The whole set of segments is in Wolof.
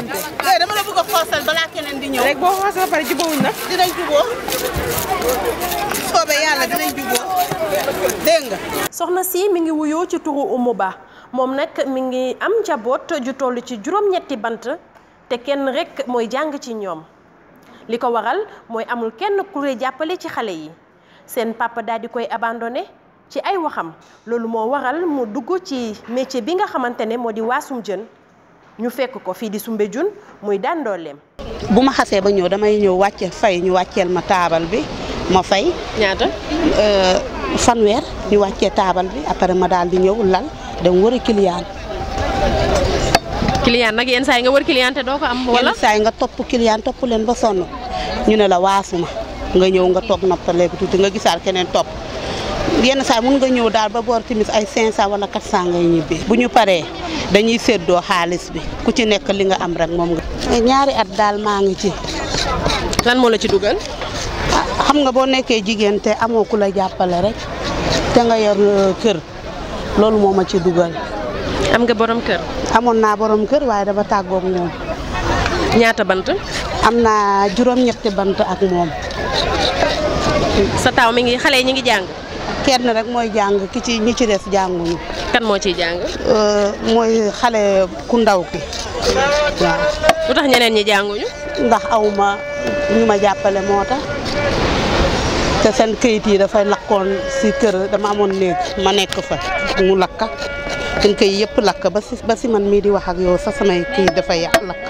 yàkkamte. léegi dama la bëgg a xoosal balaa keneen di ñëw. rek boo xoosal ba pare jubóowuñ nag. dinañ jubóo soobee yàlla dinañ jubóo dégg soxna si mi ngi wuyoo ci turu Oumou Ba moom nag mi ngi am njaboot ju toll ci juróom-ñetti bant te kenn rekk mooy jàng ci ñoom li ko waral mooy amul kenn ku jàppale ci xale yi seen papa daal di koy abandonné. ci ay waxam loolu moo waral mu dugg ci métier bi nga xamante ne moo di waasum jën ñu fekk ko fii di Soumbédioune muy Daan Dolem bu ma xasee ba ñëw damay ñëw wàcce fay ñu wàcceel ma taabal bi ma fay. ñaata. Euh, fanweer ñu wàccee taabal bi après ma daal di ñëwul lal dem wëri client. client nag yenn saa yi nga wër client te doo ko am. wala yenn saa yi nga topp client topp leen ba sonn ñu ne la waasuma nga ñëw nga toog noppaleeku tuuti nga gisaal keneen topp. yenn saa mun nga ñëw daal ba boor timis ay 500 wala saa ngay ñibbi bu ñu paree dañuy séddoo xaalis bi ku ci nekk li nga am rek moom nga. ñaari at daal maa ngi ci. lan moo ci dugal. Ah, xam nga boo nekkee jigéen amoo ku la jàppale rek te nga yor euh, kër loolu moo ci dugal. am nga borom kër. amoon naa borom kër waaye dafa tàggoog moom. ñaata bant. am naa juróom-ñetti bant ak moom. sa taw mi ngi xale ñu ngi jàng. kenn rek mooy jàng ki ci ñi ci des jànguñu. kan moo ciy jàng. Euh, mooy xale ku ndaw ki waaw. lu tax ñeneen ñi jànguñu. ndax awma ñu ma jàppale moo tax te seen këyit yi dafay lakkoon si kër dama amoon néeg ma nekk fa mu lakka seen këyit yëpp lakka ba si ba si man mii di wax ak yow sax samay këyit dafay lakk.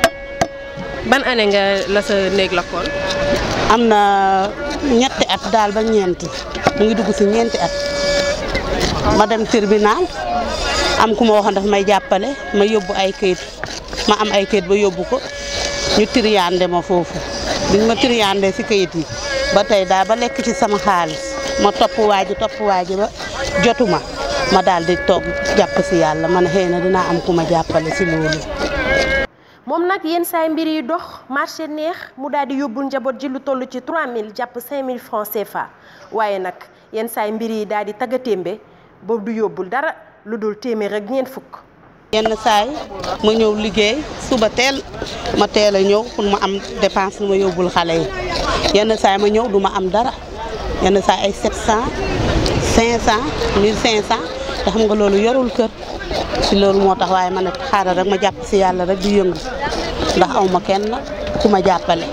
ban année nga la sa néeg kool am na ñetti at daal ba ñeenti mu ngi dugg si ñeenti at ma dem tribunal am ku ma waxoon daf may jàppale ma yóbbu ay kayit ma am ay kayit ba yóbbu ko ñu triyande ma foofu biñ ma triyande si kayit yi ba tey daal ba lekk ci sama xaalis ma topp waa ji topp waa ji ba jotuma ma daal di toog jàpp si yàlla man xëy na dinaa am ku ma jàppale si loolu. moom nag yenn saay mbir yi dox marché neex mu daal di yóbbul njaboot ji lu toll ci mille jàpp 5000 francs CFA waaye nag yenn saay mbir yi daal di taggatémbe ba du yóbbul dara lu dul téeméer ak ñeent fukk. yenn saay ma ñëw liggéey suba teel ma teel a ñëw pour ma am dépense lu ma yóbbul xale yi yenn saay ma ñëw duma am dara yenn saay ay 700 500 1500 te xam nga loolu yorul kër. si loolu moo tax waaye ma ne xaaral rek ma jàpp si yàlla rek di yëngu ndax aw ma kenn ku ma jàppale.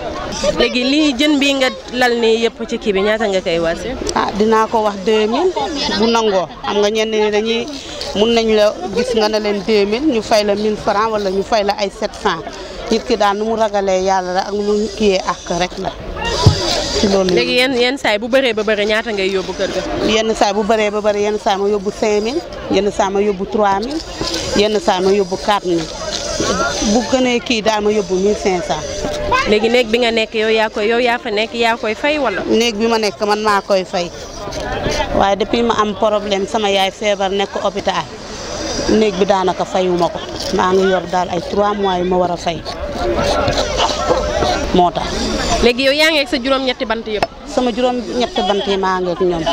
léegi lii jën bii nga lal nii yëpp ci kii bi ñaata nga koy wàcce. ah dinaa ko wax 2000 bu nangoo xam nga ñenn ñi dañuy mun nañ la gis nga ne leen 2000 ñu fay la 1000 francs wala ñu fay la ay 700 nit ki daal nu mu ragalee yàlla la ak nu mu ak rek la. ci léegi yenn yenn saay bu bëree ba bëri ñaata ngay yóbbu kër ga yenn saay bu bëree ba bëri yenn saay ma yóbbu 5000 yenn saay ma yóbbu 3000 yenn saay ma yóbbu 4000 bu gënee kii daal ma yóbbu 1500. léegi néeg bi nga nekk yow yaa koy yow yaa fa nekk yaa koy fay wala. néeg bi ma nekk man maa koy fay waaye depuis ma am problème sama yaay feebar nekk hôpital néeg bi daanaka fayuma ko maa ngi yor daal ay 3 mois yu ma war a fay. moo tax. léegi yow yaa ngi sa juróom-ñetti bant yëpp. sama juróom bant yi maa ngi ak ñoom.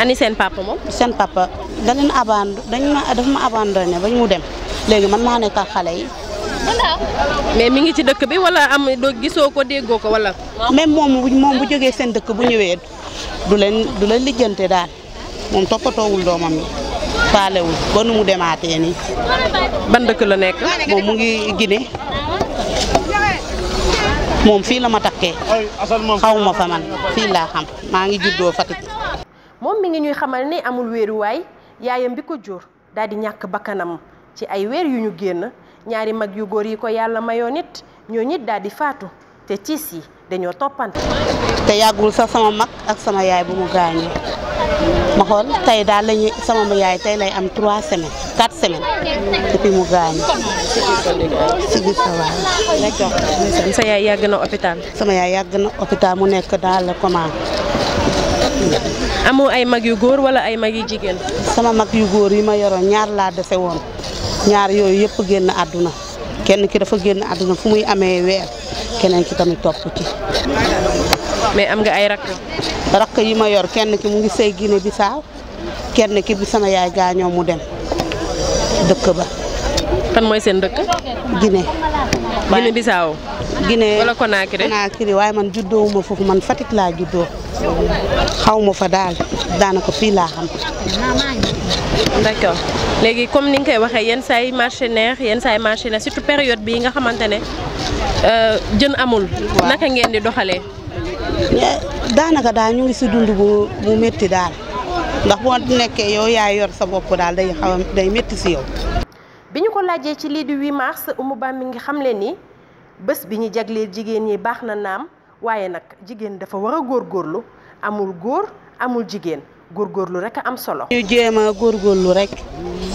ani seen papa moom. seen papa da leen aband dañ ma daf ma abandonné ba ñu dem léegi man maa nekk ak xale yi. mais mu ngi ci dëkk bi wala am doo gisoo ko déggoo ko wala. même moom bu moom jógee seen dëkk bu ñëwee du leen du leen lijjante daal moom toppatoowul doomam yi faalewul ba nu mu demaatee nii. ban dëkk la nekk. moom mu ngi Guinée. moom fii la ma takkee xaw ma fa man fii laa xam maa ngi juddoo Fatick. moom mi ngi ñuy xamal ni amul wéeruwaay yaayam bi ko jur daal di ñàkk bakkanam ci ay weer yu ñu génn ñaari mag yu góor yi ko yàlla mayoo nit ñoo nit daal di faatu te tiis yi dañoo toppante. te yàggul sax sama mag ak sama yaay bu mu gaañee. ma xool tey daal lañuy sama yaay tey lay am 3 semaines 4 semaines depuis mu gaañu. si yaay yàgg na hôpital. sama yaay yàgg na hôpital mu nekk dans le coma. amoo ay mag yu góor wala ay mag yu jigéen. sama mag yu góor yi ma yoroon ñaar laa defe woon ñaar yooyu yëpp génn àdduna kenn ki dafa génn àdduna fu muy amee weer keneen ki tamit topp ci. mais am nga ay rakk. rakk yi ma yor kenn ki mu ngi sëy Guinée Bissau kenn ki bi sama yaay gaañoo mu dem dëkk ba. fan mooy seen dëkk. gine Guinée. Guinée Bissau. Guinée wala Conakry Conakry waaye man juddoo ma foofu man Fatick laa juddoo xaw ma fa daal daanaka fii laa xam. d'accord léegi comme ni nga koy waxee yenn saay marché neex yenn saay marché neex surtout période bii nga xamante ne euh, jën amul. naka ngeen di doxalee. Eh, daanaka daal ñu ngi ci dund bu bu daal ndax boo nekkee yow yaa yor sa bopp daal day xaw day métti si yow. bi ñu ko laajee ci lii di 8 mars Oumou Ba mi ngi xamle ni bés bi ñu jagleel jigéen ñi baax na naam waaye nag jigéen dafa war a góor góorlu amul góor amul jigéen góorgóorlu rek a am solo. ñu jéem a góorgóorlu rek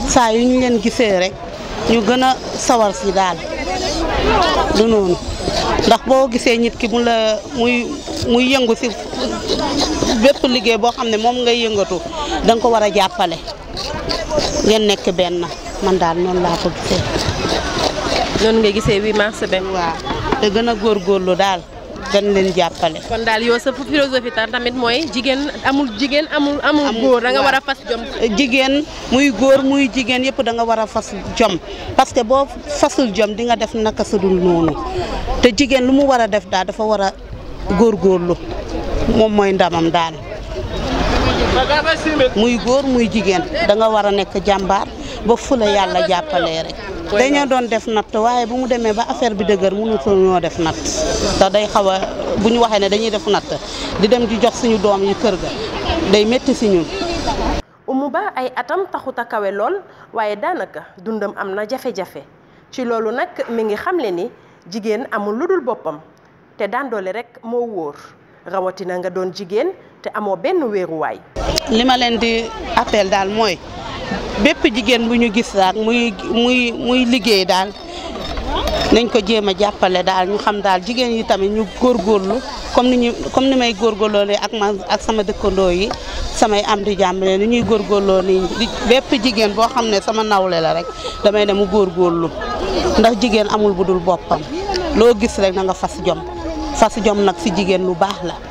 saa yu ñu leen gisee rek ñu gën a sawar si daal du noonu. ndax boo gisee nit ki mu la muy muy yëngu si bépp liggéey boo xam ne moom ngay yëngatu danga ko war a jàppale ngeen nekk benn man daal noonu laa ko gisee. noonu nga gisee 8 mars benn. waaw te gën a góor góorlu daal. gën leen jàppale. kon daal yow sa philosophie tam tamit mooy jigéen amul jigéen amul. amul góor da nga war a fas jom. jigéen muy góor muy jigéen yëpp danga nga war a fas jom parce que boo fasul jom di nga def naka sudul noonu te jigéen lu mu war a def daal dafa war a góorgóorlu moom mooy ndamam daal. muy góor muy jigéen da nga war a nekk jàmbaar ba fu yàlla jàppalee rek. dañoo doon def natt waaye bu mu demee ba affaire bi dëgër mënutul ñoo def natt ndax day xaw a bu ñu waxee ne dañuy def natt di dem di jox suñu doom yi kër ga day métti si ñun. Ba ay atam taxut a kawe lool waaye daanaka dundam am na jafe ci loolu nag mu ngi xamle ni jigéen amul lu dul boppam te daan doole rek moo wóor rawatina nga doon jigéen te amoo benn weeruwaay li ma leen di appel daal mooy. bépp jigéen bu ñu gis daal muy muy muy liggéey daal nañ ko jéem a jàppale daal ñu xam daal jigéen yi tamit ñu góor góorlu ni ñu comme ni may góorgóorloo ak ma ak sama dëkkandoo yi samay am di jàmbale ni ñuy góorgóorloo ni bépp jigéen boo xam ne sama nawle la rek damay dem mu góor góorlu ndax jigéen amul bu dul boppam loo gis rek na nga fas jom fas jom nag si jigéen lu baax la